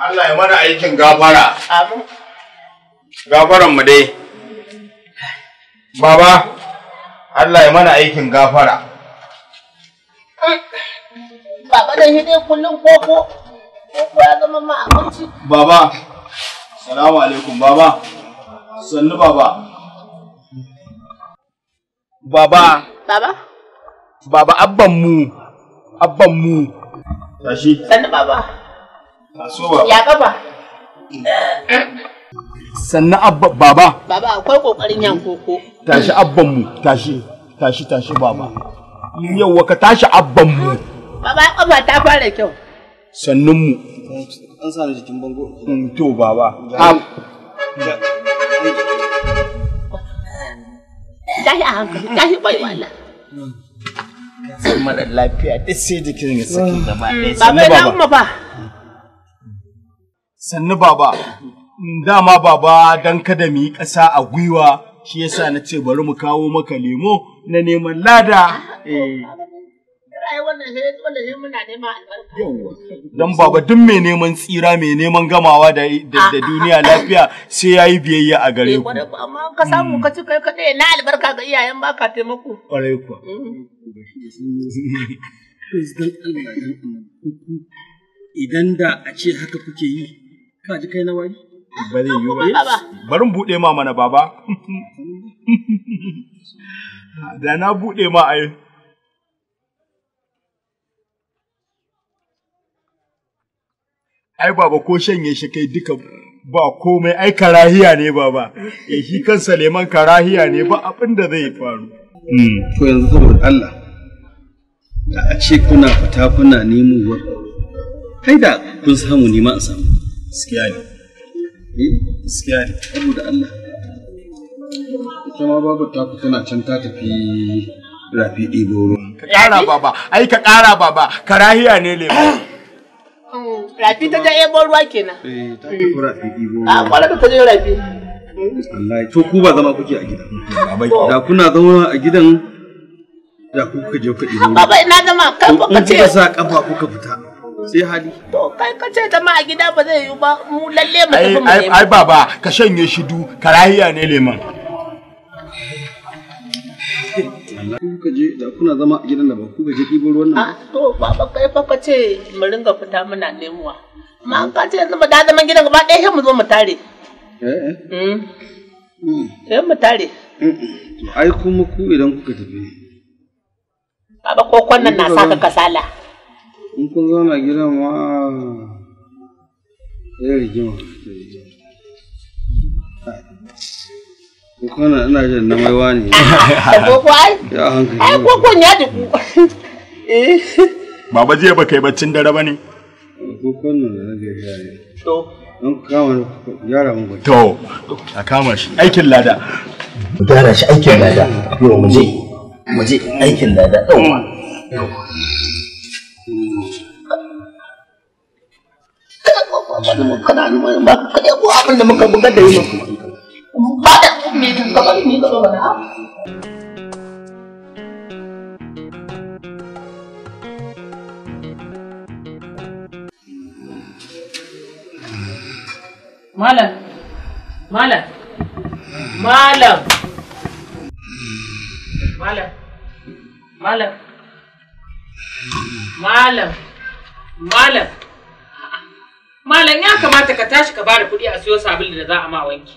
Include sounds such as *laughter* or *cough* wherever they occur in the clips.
Allah ya mana aikin gafara. Amin. Gafaran mu dai. Baba, Allah ya mana aikin gafara. Baba da shi kullum koko. Koko ya zama ma Baba, salamu alaikum baba. Sannu baba. Baba. Baba. Baba abban mu. Abban mu. Tashi. Sannu baba. Taso baba. Ya kafa. Sannu abba baba. Baba akwai kokarin yan koko. Tashi abban mu. Tashi. Tashi tashi baba. Yawwa ka tashi abban mu. Baba kafa ta fara kyau. Sannun mu. An sa ni jikin bango. Mm, to baba. Tashi a hankali. Tashi bai wala. Mm. mara jikin ah. sannu baba dama baba don kada mu yi ƙasa a gwiwa shi yasa na ce bari mu kawo maka lemo na neman lada eh ai wannan he dole he muna neman albarka *laughs* don baba duk mai neman tsira mai neman gamawa da duniya lafiya sai yi biyayya a gare eh, ku amma ka samu mm. ka ci kai kaɗai na albarka ga iyayen baka taimako Ƙwarai kuwa *laughs* idan da a ce haka kuke yi ka ji kai na wari ba zai yiwu ba bari mu buɗe ma mana baba *laughs* da na buɗe ma yi. ai baba ko shanye shi kai duka ba komai ai karahiya ne baba eh shi kan Suleiman karahiya ne ba abin da zai faru hmm, to yanzu saboda Allah da a ce kuna fita kuna nemo ba, kai da kun samu nima a samu gaskiya ne eh, gaskiya ne saboda Allah ita ma babu ta tana can ta tafi rafi ɗebo ruwan ka ƙara baba ai ka ƙara baba karahiya ne lemo rafi ta ja ebo ruwa kenan eh ta kura ah, ta ibo a ta je rafi wallahi to ku ba zama kuke a gidan da kuna zama a gidan da ku kuka je kuɗi ne baba ina zama kai kuka ce kuka sa kafa kuka fita sai hali to kai ka ce zama a gida ba zai yi ba mu lalle mu tafi mu ai baba ka shanye shidu karahiya ne leman k'u ka je da kuna zama a gidan da ba ku ka je ɗibo ruwan nan ah, to baba kai fa ka ce mu ringa fita muna nemuwa ma an ka ce yanzu ba da zaman gidan gaba ɗaya sai mu zo mu tare eh eh hmm. Hmm. sai mu tare hmm, ai kuma ku idan kuka tafi baba ko kwannan na saka kasala in kun zauna gidan wa eh rigima eh, rigima Wannan ina jin na maiwa ne. Koko ai? Ya hankali. Ai kokon ya duku. *laughs* Eh. Baba jiya ba kai baccin dare ba ne? Kokon nan da nake sha ne. To. Don kama yara mun To, a kama shi aikin lada. Mu gyara shi aikin lada. Yo mu je. Mu je aikin lada. Yawwa. Kana nuna ba ka kaɗai ko abin da muka buga da yi Malam, Malam, malam, malam, malam, malam, malam, malam, malam ya kamata ka tashi ka bada kuɗi a siyo sabulu da za a ma wanki.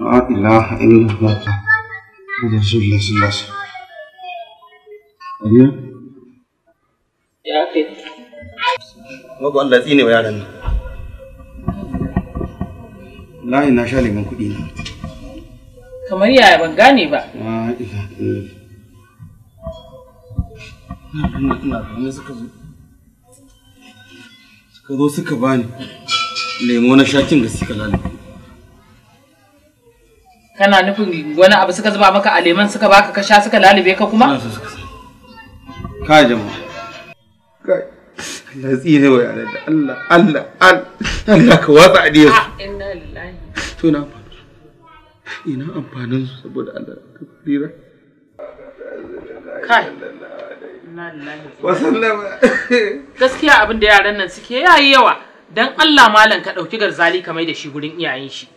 لا إله إلا الله محمد رسول الله صلى الله عليه وسلم أيوه wa layi yaya ban gane ba ina suka zo suka zo suka bani lemo na shakin da suka kana nufin wani abu suka zuba maka a leman suka baka ka sha suka lalube ka kuma ka jama kai Allah tsire wa yaran da Allah Allah Allah ka watsa a diyar ah, inna lillahi to na ina amfanin su saboda Allah ka tsira kai gaskiya abin da yaran nan suke yayi yawa dan Allah malam ka dauki garzali ka mai da shi gurin iyayen shi